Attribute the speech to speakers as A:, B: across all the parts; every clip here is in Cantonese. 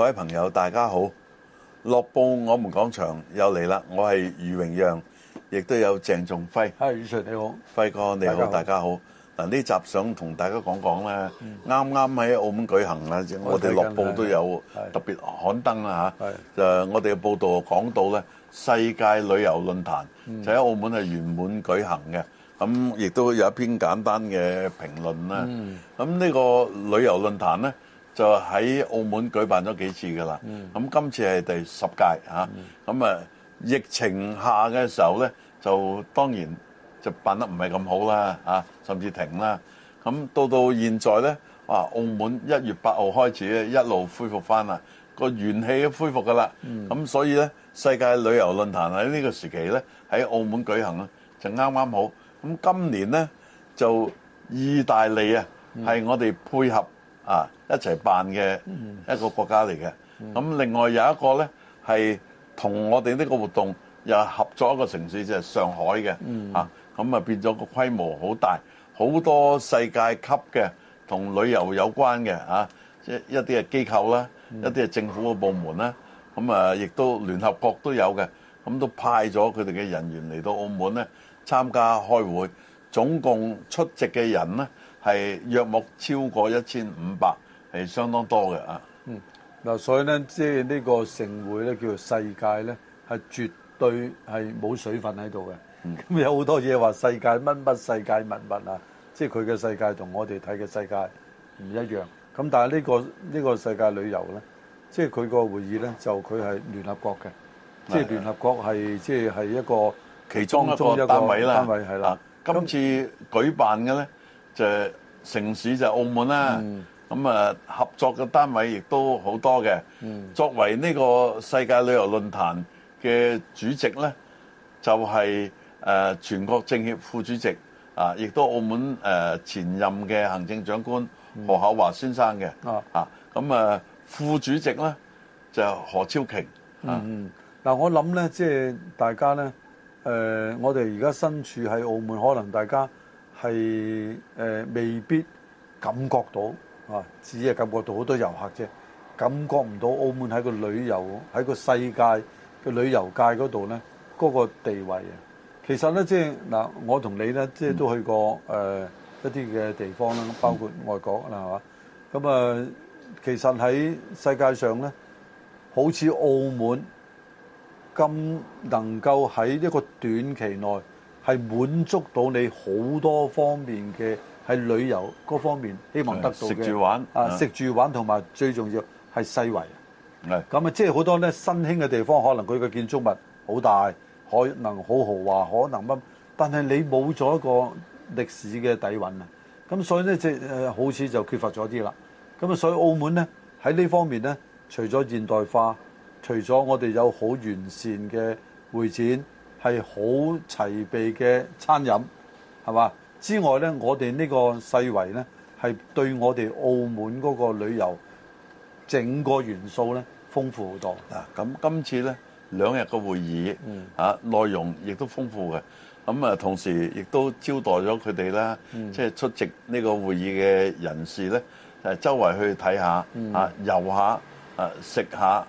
A: 各位朋友，大家好！《樂報我們講場又嚟啦，我係余榮讓，亦都有鄭仲輝。係宇純你好，輝哥你好，大家好。嗱，呢集想同大家講講咧，啱啱喺澳門舉行啦、嗯，我哋《樂報都有特別刊登啦吓。就我哋嘅報道講到咧，世界旅遊論壇就喺、是、澳門係圓滿舉行嘅。咁亦都有一篇簡單嘅評論啦。咁、嗯、呢個旅遊論壇咧？就喺澳門舉辦咗幾次噶啦，咁今次係第十屆嚇，咁啊疫情下嘅時候呢，就當然就辦得唔係咁好啦，啊，啊，甚至停啦。咁到到現在呢，哇！澳門一月八號開始咧，一路恢復翻啦，個元氣都恢復噶啦。咁所以呢，世界旅遊論壇喺呢個時期呢，喺澳門舉行咧，啊，就啱啱好。咁今年呢，就意大利啊，係我哋配合。啊！一齊辦嘅一個國家嚟嘅，咁、嗯、另外有一個呢，係同我哋呢個活動又合作一個城市就係、是、上海嘅，咁、嗯、啊變咗個規模好大，好多世界級嘅同旅遊有關嘅即一啲係機構啦，一啲係政府嘅部門啦，咁啊亦都聯合國都有嘅，咁都派咗佢哋嘅人員嚟到澳門咧參加開會，總共出席嘅人呢。係約莫超過一千五百，係相當多嘅啊！
B: 嗯，嗱，所以咧，即係呢個盛會咧，叫做世界咧，係絕對係冇水分喺度嘅。嗯，咁有好多嘢話世界乜乜世界物物啊，即係佢嘅世界同我哋睇嘅世界唔一樣。咁但係呢個呢個世界旅遊咧，即係佢個會議咧，就佢係聯合國嘅，
A: 即係聯
B: 合國係即係係一個其中一個單位啦。單位係
A: 啦。今次舉辦嘅咧？就城市就係澳門啦、啊，咁、嗯、啊合作嘅單位亦都好多嘅、嗯。作為呢個世界旅遊論壇嘅主席呢，就係、是、誒、呃、全國政協副主席啊，亦都澳門誒、呃、前任嘅行政長官何厚華先
B: 生嘅、嗯、
A: 啊。咁啊，啊副主席呢，就何超瓊、
B: 啊。嗯嗯。嗱，我諗呢，即、就、係、是、大家呢，誒、呃，我哋而家身處喺澳門，可能大家。係誒未必感覺到啊，只係感覺到好多遊客啫，感覺唔到澳門喺個旅遊喺個世界嘅旅遊界嗰度咧嗰個地位啊。其實咧，即係嗱，我同你咧，即係都去過誒一啲嘅地方啦，包括外國啦，係嘛？咁啊，其實喺世界上咧，好似澳門咁能夠喺一個短期內，係滿足到你好多方面嘅，喺旅遊嗰方面希望得到嘅食住玩啊，食住玩同埋最重要係世遺。咁啊，即係好多咧新興嘅地方，可能佢嘅建築物好大，可能好豪華，可能乜，但係你冇咗一個歷史嘅底蘊啊。咁所以咧，即係誒好似就缺乏咗啲啦。咁啊，所以澳門咧喺呢方面咧，除咗現代化，除咗我哋有好完善嘅會展。係好齊備嘅餐飲，係嘛？之外呢，我哋呢個世圍呢，係對我哋澳門嗰個旅遊整個元素呢，豐富好多。咁今次
A: 呢兩日嘅會議，嗯、啊內容亦都豐富嘅。咁啊，同時亦都招待咗佢哋啦，即係出席呢個會議嘅人士呢，啊、周圍去睇下，嗯啊、下，啊遊下，啊食下，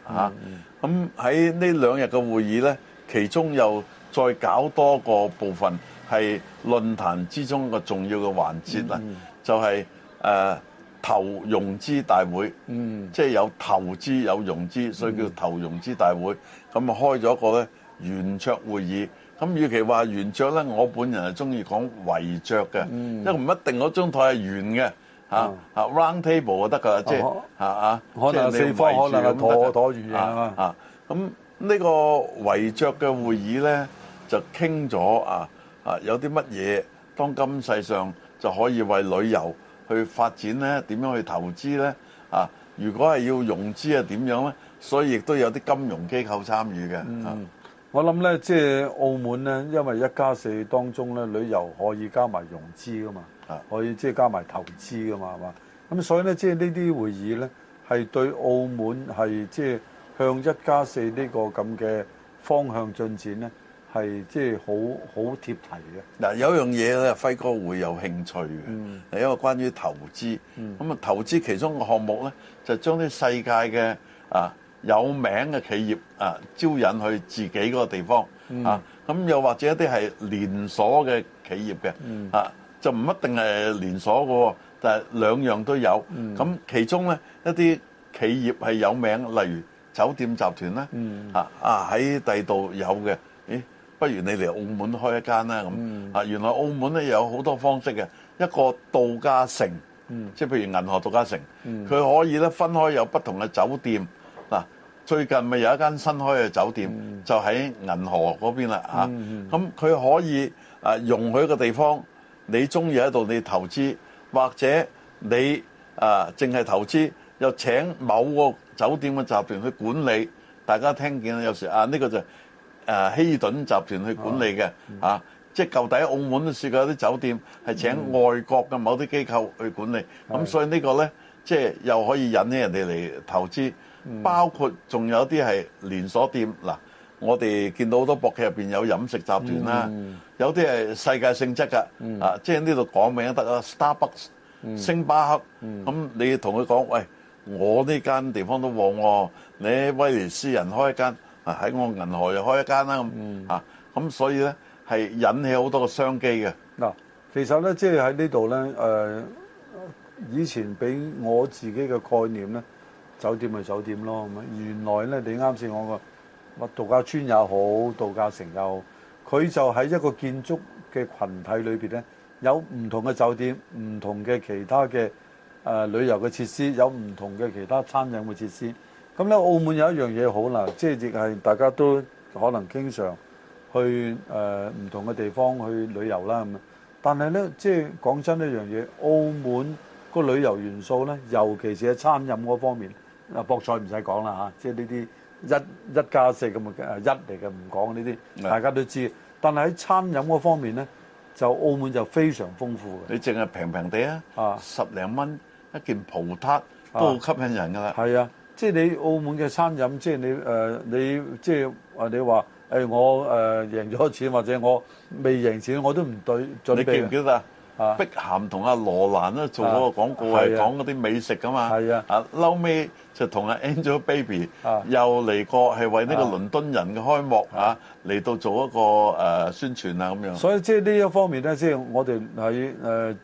A: 咁喺呢兩日嘅會議呢，其中又再搞多個部分係論壇之中一個重要嘅環節啦、嗯，就係、是、誒、呃、投融資大會，嗯、即係有投資有融資，所以叫投融資大會。咁、嗯、啊開咗個咧圓桌會議，咁與其話圓桌咧，我本人係鍾意講圍桌嘅，因為唔一定嗰張台係圓嘅，嚇、嗯、嚇、啊、round table 就得㗎喇，即係嚇嚇，即係四方可能係躲躲住啊啊！咁、啊、呢、啊、個圍桌嘅會議咧。就傾咗啊啊！有啲乜嘢當今世上就可以為旅遊去發展咧？點樣去投資咧？啊！如果係要融資啊，點樣咧？所以亦都有啲金融機構
B: 參與嘅。嗯，我諗咧，即係澳門咧，因為一加四當中咧，旅遊可以加埋融資噶嘛，可以即係加埋投資噶嘛，係嘛？咁所以咧，即係呢啲會議咧，係對澳門係即係向一加四呢個咁嘅方向進展咧。係即係好好貼題嘅。嗱，有樣嘢咧，輝哥會有興趣嘅，係一個關於投資。咁啊，投資
A: 其中嘅項目咧，就將啲世界嘅啊有名嘅企業啊招引去自己嗰個地方啊。咁又或者一啲係連鎖嘅企業嘅啊，就唔一定係連鎖嘅，但係兩樣都有。咁其中咧一啲企業係有名，例如酒店集團啦，啊啊喺第度有嘅。不如你嚟澳門開一間啦，咁啊！原來澳門咧有好多方式嘅，嗯，一個度假城，即係、嗯、譬如銀河度假城，佢、嗯、可以咧分開有不同嘅酒店。嗱、嗯，最近咪有一間新開嘅酒店、嗯、就喺銀河嗰邊啦，吓，咁佢可以啊容許一個地方你中意喺度你投資，或者你啊淨係投資又請某個酒店嘅集團去管理。大家聽見有時啊呢、呢個就、～誒、啊、希爾頓集團去管理嘅，啊、嗯、啊即係舊底澳門都試過有啲酒店係請外國嘅某啲機構去管理，咁、嗯、所以這個呢個咧，即係又可以引起人哋嚟投資，嗯、包括仲有啲係連鎖店嗱，我哋見到好多博企入面有飲食集團啦、嗯，有啲係世界性質㗎、嗯，啊，即係呢度講名得啦，Starbucks、嗯、星巴克，咁、嗯、你同佢講，喂，我呢間地方都旺喎、哦，你威尼斯人開一間。啊！喺我銀河又開一間啦，咁啊，咁、嗯、所以呢，係引起好多個商機嘅。
B: 嗱，其實呢，即係喺呢度呢，誒以前俾我自己嘅概念呢，酒店咪酒店咯咁。原來呢，你啱先講個乜度假村又好，度假城又好，佢就喺一個建築嘅群體裏面呢，有唔同嘅酒店，唔同嘅其他嘅旅遊嘅設施，有唔同嘅其他餐飲嘅設施。咁呢，澳門有一樣嘢好啦，即係亦係大家都可能經常去唔同嘅地方去旅遊啦。咁但係呢，即係講真一樣嘢，澳門個旅遊元素呢，尤其係喺餐飲嗰方面，啊博彩唔使講啦，吓，即係呢啲一一加四咁嘅，一嚟嘅，唔講呢啲，大家都知。但係喺餐飲嗰方面呢，就澳門就非常豐富嘅，你淨係平平哋啊，十零蚊一件葡撻都
A: 好吸引人㗎啦。
B: 係啊。即係你澳門嘅餐飲，即係你誒、呃，你即係話你話誒、哎，我誒、呃、贏咗錢，或者我未贏錢，我都唔對。你記唔記得、
A: 啊、碧咸同阿羅蘭咧做嗰個廣告係、啊啊、講嗰啲美食㗎嘛是啊？啊，後尾就同阿 Angel Baby 又嚟過係為呢個倫敦人嘅開幕嚇嚟、啊啊、到做一個誒宣傳啊咁樣。所
B: 以即係呢一方面咧，即係我哋喺，誒，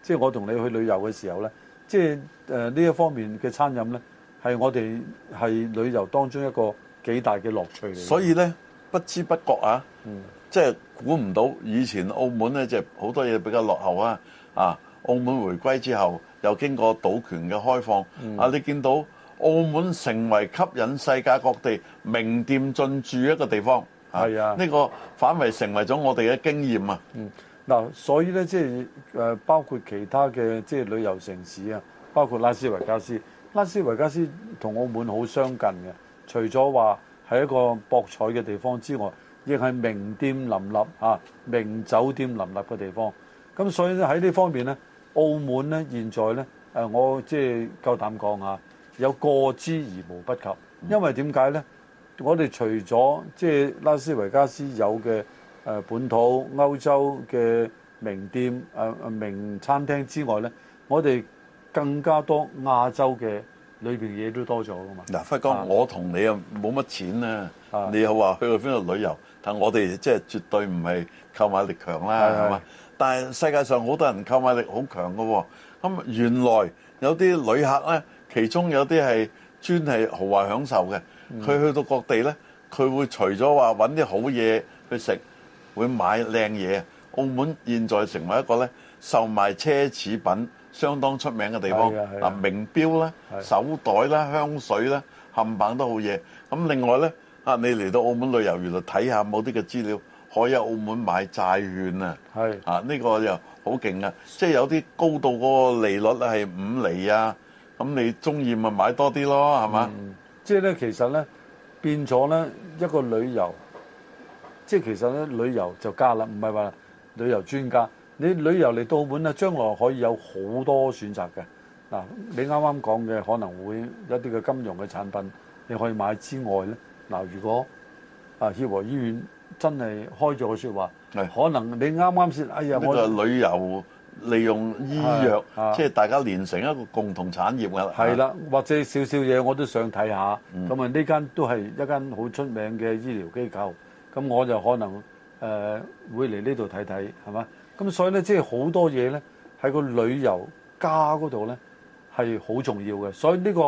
B: 即係我同你去旅遊嘅時候咧，即係誒呢一方面嘅餐飲咧。係我哋係旅遊當中一個幾大嘅樂趣嚟。所以呢，不知不覺啊、嗯，即係估唔到以前澳門呢
A: 即係好多嘢比較落後啊。啊，澳門回歸之後，又經過賭權嘅開放啊，你見到澳門成為吸引世界各地名店進駐一個地方。係啊，呢個反為成為咗我哋嘅經驗啊、嗯。
B: 嗱、嗯，所以呢，即係包括其他嘅即係旅遊城市啊，包括拉斯維加斯。拉斯維加斯同澳門好相近嘅，除咗話係一個博彩嘅地方之外，亦係名店林立嚇、啊、名酒店林立嘅地方。咁所以咧，喺呢方面咧，澳門咧現在呢，誒我即係、就是、夠膽講嚇，有過之而無不及。因為點解呢？我哋除咗即係拉斯維加斯有嘅誒、呃、本土、歐洲嘅名店、誒、呃、誒名餐廳之外呢，我哋更加多亞洲嘅裏邊嘢都多咗噶嘛？嗱，輝、啊、哥，我
A: 同你又冇乜錢啊。啊你又話去去邊度旅遊，但我哋即係絕對唔係購買力強啦，係嘛？係係，但係世界上好多人購買力好強噶喎、啊，咁、嗯、原來有啲旅客咧，其中有啲係專係豪華享受嘅，佢去到各地咧，佢會除咗話揾啲好嘢去食，會買靚嘢。澳門現在成為一個咧售賣奢侈品，相當出名嘅地方，嗱，名錶啦、手袋啦、香水啦，冚棒都好嘢。咁另外咧，啊你嚟到澳門旅遊，原來睇下某啲嘅資料，可以喺澳門買債券啊，啊呢個又好勁啊！即係有啲高到嗰個利率係五釐啊，
B: 咁你中意咪買多啲咯，係嘛？即係咧，其實咧變咗咧一個旅遊，即係其實咧旅遊就加啦，唔係話旅遊專家。你旅遊嚟到澳門啊，將來可以有好多選擇嘅嗱。你啱啱講嘅可能會一啲嘅金融嘅產品你可以買之外咧，嗱，如果啊協和醫院真係開咗個説話，可能你啱啱先。
A: 哎呀，呢個旅遊利用醫藥，即係大家連成一個共同產業噶
B: 啦，係啦，或者少少嘢我想看看、嗯、都想睇下。咁啊，呢間都係一間好出名嘅醫療機構，咁我就可能誒、呃、會嚟呢度睇睇，係嘛？咁所以咧，即係好多嘢咧，喺個旅遊家嗰度咧係好重要嘅。所以呢個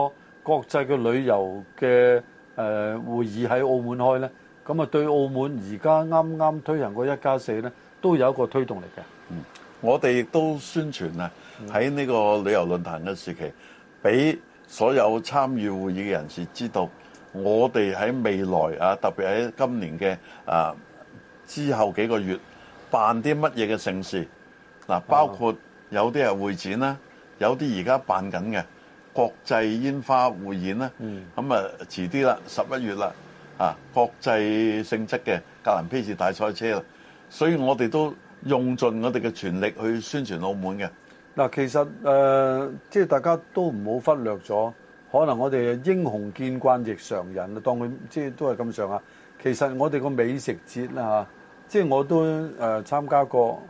B: 國際嘅旅遊嘅誒會議喺澳門開咧，咁啊對澳門而家啱啱推行個一加四咧，都有一個推動力嘅。嗯，
A: 我哋亦都宣傳啊，喺呢個旅遊論壇嘅時期，俾所有參與會議嘅人士知道，我哋喺未來啊，特別喺今年嘅啊之後幾個月。辦啲乜嘢嘅盛事嗱，包括有啲係會展啦，有啲而家辦緊嘅國際煙花匯演啦，嗯，咁啊遲啲啦，十一月啦啊，國際性質嘅格蘭披治大賽車啦，所以我哋都用盡我哋嘅全力去宣傳澳門嘅。
B: 嗱，其實誒、呃，即係大家都唔好忽略咗，可能我哋英雄見慣亦常人，當佢即係都係咁上下。其實我哋個美食節啦、啊即係我都誒、呃、參加過，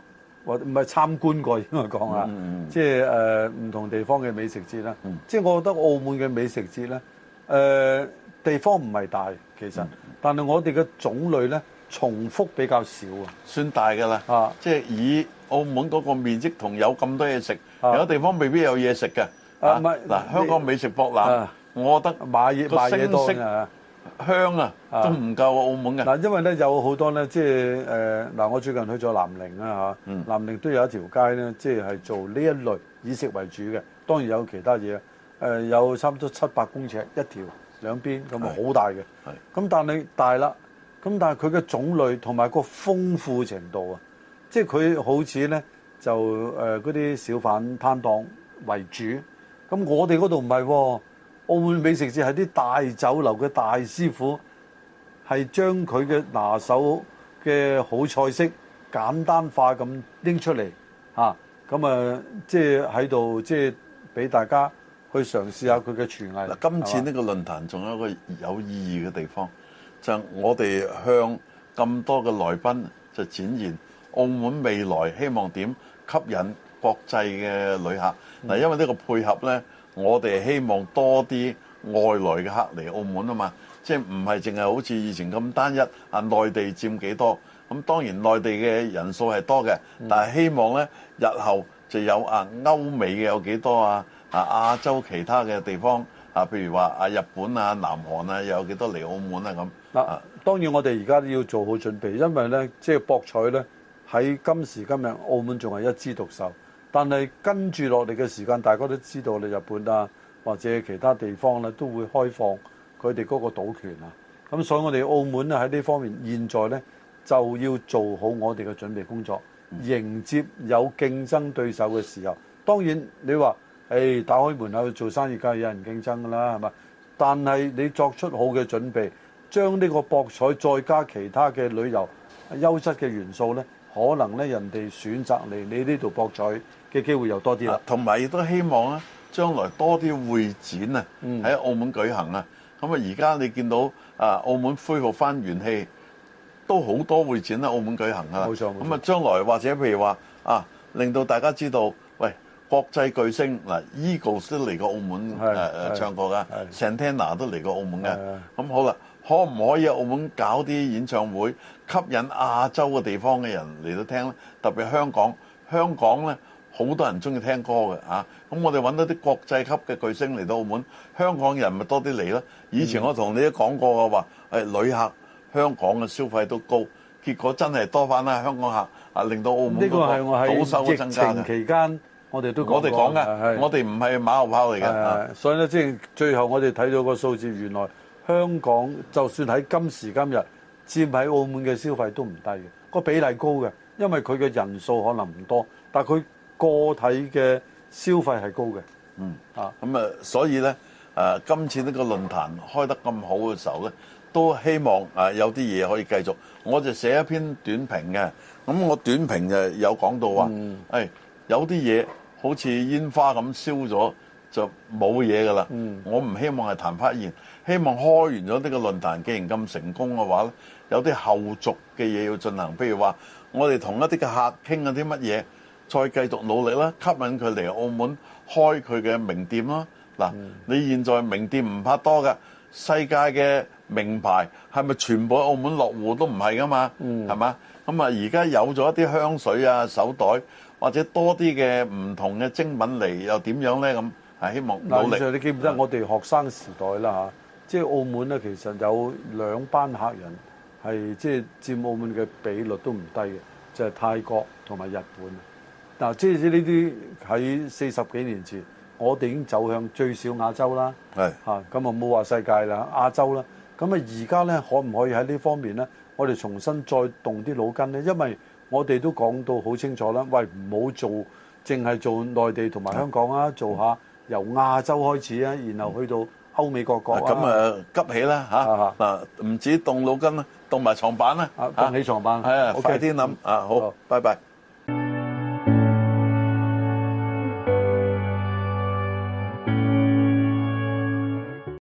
B: 或唔係參觀過，應該講啊。即係誒唔同地方嘅美食節啦、嗯。即係我覺得澳門嘅美食節咧，誒、呃、地方唔係大其實，嗯、但係我哋嘅種類咧重複比較少啊。算大㗎啦、啊，即係以
A: 澳門嗰個面積同有咁多嘢食、啊，有地方未必有嘢食㗎。啊唔係嗱、啊、香港美食博覽，啊、我覺得買嘢買嘢多啊。
B: 香啊，都唔夠啊！澳門嘅嗱、啊，因為咧有好多咧，即係誒嗱，我最近去咗南寧啦、啊嗯、南寧都有一條街咧，即、就、係、是、做呢一類以食為主嘅，當然有其他嘢，誒、呃、有差唔多七百公尺一條兩邊咁啊，好大嘅，咁、嗯、但係大啦，咁但係佢嘅種類同埋個豐富程度啊，即係佢好似咧就嗰啲、呃、小販攤檔為主，咁我哋嗰度唔係喎。澳門美食節係啲大酒樓嘅大師傅，係將佢嘅拿手嘅好菜式簡單化咁拎出嚟，嚇咁啊，即係喺度即係俾大家去嘗試一下佢嘅廚藝。嗱，今次呢個論壇仲有一個有意義嘅地方，就
A: 係、我哋向咁多嘅來賓就展現澳門未來希望點吸引國際嘅旅客。嗱、啊，因為呢個配合呢。我哋希望多啲外來嘅客嚟澳門啊嘛，即係唔係淨係好似以前咁單一啊？內地佔幾多？咁當然內地嘅人數係多嘅，但係希望呢日後就有啊歐美嘅有幾多啊？啊亞洲其他嘅地方啊，譬如話啊日本啊、南韓啊，有幾多嚟澳門啊咁？嗱，
B: 當然我哋而家都要做好準備，因為呢即係博彩呢，喺今時今日澳門仲係一枝獨秀。但係跟住落嚟嘅時間，大家都知道你日本啊，或者其他地方咧、啊，都會開放佢哋嗰個賭權啊。咁所以我哋澳門啊，喺呢方面現在呢就要做好我哋嘅準備工作，迎接有競爭對手嘅時候。當然你話，誒、欸、打開門口去做生意梗係有人競爭㗎啦，係咪？但係你作出好嘅準備，將呢個博彩再加其他嘅旅遊優質嘅元素呢。可能咧，人哋選擇嚟你呢度博彩嘅機會又多啲啦。同埋亦都希望咧，將來多啲
A: 會展啊，喺澳門舉行啊。咁啊，而家你見到啊，澳門恢復翻元氣，都好多會展喺澳門舉行啊。冇錯。咁啊，將來或者譬如話啊，令到大家知道，喂，國際巨星嗱，Eagles 都嚟過澳門誒誒唱過㗎，Santana 都嚟過澳門㗎。咁好啦。可唔可以喺澳門搞啲演唱會，吸引亞洲嘅地方嘅人嚟到聽咧？特別香港，香港咧好多人中意聽歌嘅嚇、啊。咁我哋搵到啲國際級嘅巨星嚟到澳門，香港人咪多啲嚟咯。以前我同你都講過嘅話、呃，誒旅客香港嘅消費都高，結果真係多翻啦香港客啊，令到澳門呢個係我喺疫情期間我、嗯增
B: 加我，啊、我哋
A: 都我哋講嘅，我哋
B: 唔係馬後炮嚟嘅，所以咧即係最後我哋睇到個數字，原來。香港就算喺今時今日，佔喺澳門嘅消費都唔低嘅，個比例高嘅，因為佢嘅人數可能唔多，但佢個體嘅消費係高嘅。嗯啊，咁、嗯、啊，
A: 所以呢，誒、呃、今次呢個論壇開得咁好嘅時候呢、嗯，都希望、呃、有啲嘢可以繼續。我就寫一篇短評嘅，咁我短評就有講到話，誒、嗯哎、有啲嘢好似煙花咁燒咗就冇嘢㗎啦。我唔希望係曇花一現。」希望開完咗呢個論壇，既然咁成功嘅話，有啲後續嘅嘢要進行，譬如話我哋同一啲嘅客傾啊啲乜嘢，再繼續努力啦，吸引佢嚟澳門開佢嘅名店啦。嗱、嗯，你現在名店唔怕多㗎，世界嘅名牌係咪全部喺澳門落戶都唔係噶嘛？係、嗯、嘛？咁啊，而家有咗一啲香水啊、手袋或者多啲嘅唔同嘅精品嚟，又點樣咧？咁係希望努力。
B: 你記唔得我哋學生時代啦吓即係澳門咧，其實有兩班客人係即係佔澳門嘅比率都唔低嘅，就係、係、泰國同埋日本。嗱，即係呢啲喺四十幾年前，我哋已經走向最少亞洲啦。係吓，咁啊冇話世界啦，亞洲啦。咁啊，而家呢，可唔可以喺呢方面呢？我哋重新再動啲腦筋呢？因為我哋都講到好清楚啦，喂，唔好做，淨係做內地同埋香港啊，做下由亞洲開始啊，然後去到。嗯歐美國國啊！咁、啊、
A: 急起啦唔、啊啊、止動腦筋動埋床板啦！啊啊、起床板，啊啊、OK，快啲諗、OK，啊、好，拜拜。Bye bye.